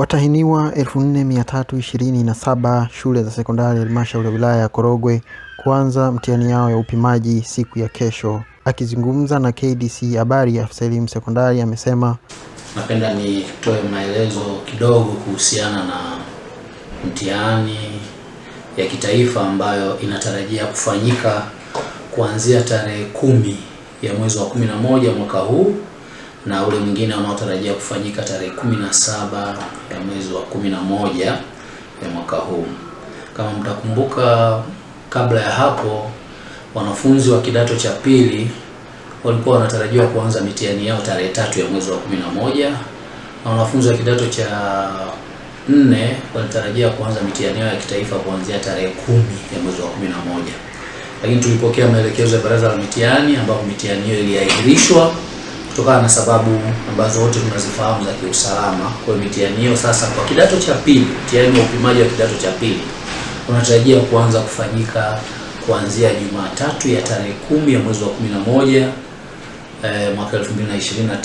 Watahiniwa 4327 shule za sekondari halmashauri ya wilaya ya Korogwe kuanza mtihani yao ya upimaji siku ya kesho. Akizungumza na KDC Habari, afisa elimu sekondari amesema, napenda nitoe maelezo kidogo kuhusiana na mtihani ya kitaifa ambayo inatarajia kufanyika kuanzia tarehe kumi ya mwezi wa 11 mwaka huu na ule mwingine unaotarajiwa kufanyika tarehe saba ya mwezi wa moja ya mwaka huu. Kama mtakumbuka, kabla ya hapo wanafunzi wa kidato cha pili walikuwa wanatarajiwa kuanza mitihani yao tarehe tatu ya mwezi wa 11 na wanafunzi wa kidato cha nne walitarajia kuanza mitihani yao ya kitaifa kuanzia tarehe kumi ya mwezi wa moja lakini tulipokea maelekezo ya Baraza la Mitihani ambapo mitihani hiyo iliahirishwa kutokana na sababu ambazo wote tunazifahamu za kiusalama. Kwa hiyo mitihani hiyo sasa kwa kidato cha pili, mtihani wa upimaji wa kidato cha pili unatarajia kuanza kufanyika kuanzia Jumatatu ya tarehe kumi ya mwezi wa 11 eh, mwaka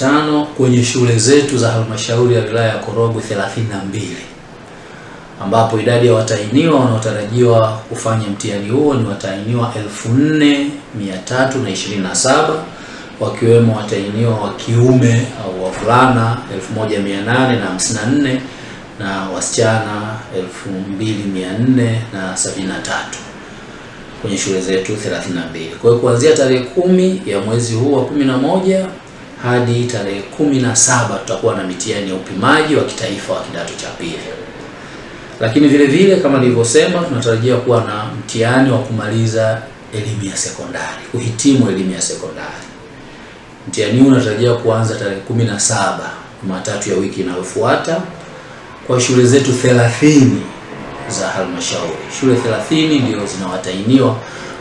2025 kwenye shule zetu za halmashauri ya wilaya ya Korogwe 32 ambapo idadi ya watahiniwa wanaotarajiwa kufanya mtihani huo ni watahiniwa 4327 wakiwemo watainiwa wa kiume au wavulana 1854 na wasichana 2473 kwenye shule zetu 32. Kwa hiyo kuanzia tarehe kumi ya mwezi huu wa 11 hadi tarehe 17 tutakuwa na mitihani ya upimaji wa kitaifa wa kidato cha pili. Lakini vile vile kama nilivyosema, tunatarajia kuwa na mtihani wa kumaliza elimu ya sekondari, kuhitimu elimu ya sekondari. Mtihani huu unatarajia kuanza tarehe 17 Jumatatu ya wiki inayofuata kwa shule zetu 30 za halmashauri. Shule 30 ndio zinawatainiwa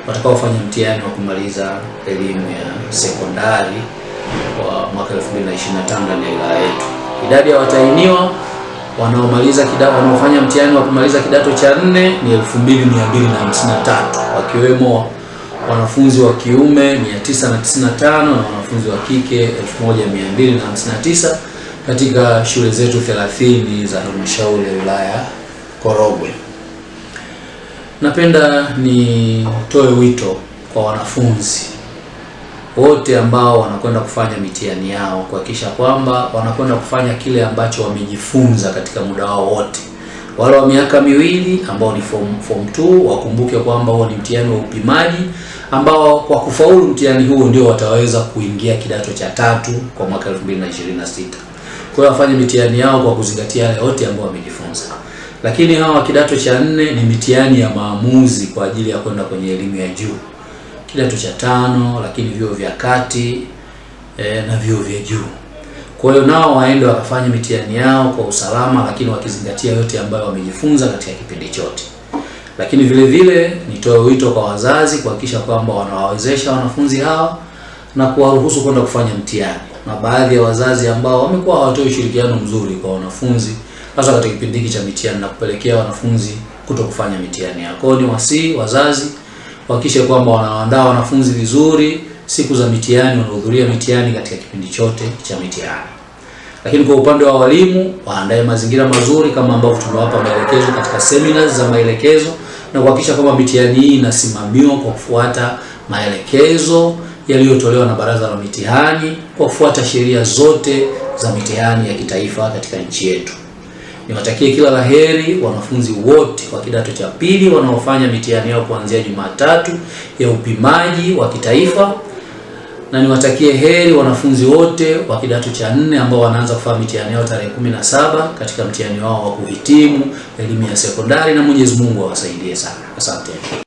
watakaofanya mtihani wa kumaliza elimu ya sekondari kwa mwaka 2025 ndani ya wilaya yetu. Idadi ya watainiwa wanaomaliza kidato wanaofanya mtihani wa kumaliza kidato cha nne ni 2253 wakiwemo wanafunzi wa kiume 995 na wanafunzi wa kike 1259 katika shule zetu 30 za halmashauri ya wilaya Korogwe. Napenda nitoe wito kwa wanafunzi wote ambao wanakwenda kufanya mitihani yao kuhakikisha kwamba wanakwenda kufanya kile ambacho wamejifunza katika muda wao wote wale wa miaka miwili ambao ni form, form 2 wakumbuke kwamba huo ni mtihani wa upimaji ambao kwa kufaulu mtihani huo ndio wataweza kuingia kidato cha tatu kwa mwaka 2026. Kwa hiyo wafanye mitihani yao kwa kuzingatia yale yote ambayo wamejifunza. Lakini hawa kidato cha nne ni mitihani ya maamuzi kwa ajili ya kwenda kwenye elimu ya juu, kidato cha tano, lakini vyuo vya kati eh, na vyuo vya juu. Kwa hiyo nao waende wakafanye mitihani yao kwa usalama, lakini wakizingatia yote ambayo wamejifunza katika kipindi chote. Lakini vile vile nitoe wito kwa wazazi kuhakikisha kwamba wanawawezesha wanafunzi hawa na kuwaruhusu kwenda kufanya mtihani, na baadhi ya wazazi ambao wamekuwa hawatoi ushirikiano mzuri kwa wanafunzi hasa katika kipindi hiki cha mitihani na kupelekea wanafunzi kuto kufanya mitihani yao. Kwa hiyo ni wasi wazazi wahakikishe kwamba wanaandaa wanafunzi vizuri siku za mitihani, wanahudhuria mitihani katika kipindi chote cha mitihani. Lakini kwa upande wa walimu, waandae mazingira mazuri kama ambavyo tumewapa maelekezo katika seminars za maelekezo na kuhakikisha kwamba mitihani hii inasimamiwa kwa kufuata maelekezo yaliyotolewa na Baraza la Mitihani kwa kufuata sheria zote za mitihani ya kitaifa katika nchi yetu. Niwatakie kila laheri wanafunzi wote wa kidato cha pili wanaofanya mitihani yao kuanzia Jumatatu ya upimaji wa kitaifa na niwatakie heri wanafunzi wote wa kidato cha nne ambao wanaanza kufanya mitihani yao tarehe 17 katika mtihani wao wa kuhitimu elimu ya sekondari, na Mwenyezi Mungu awasaidie sana. Asante.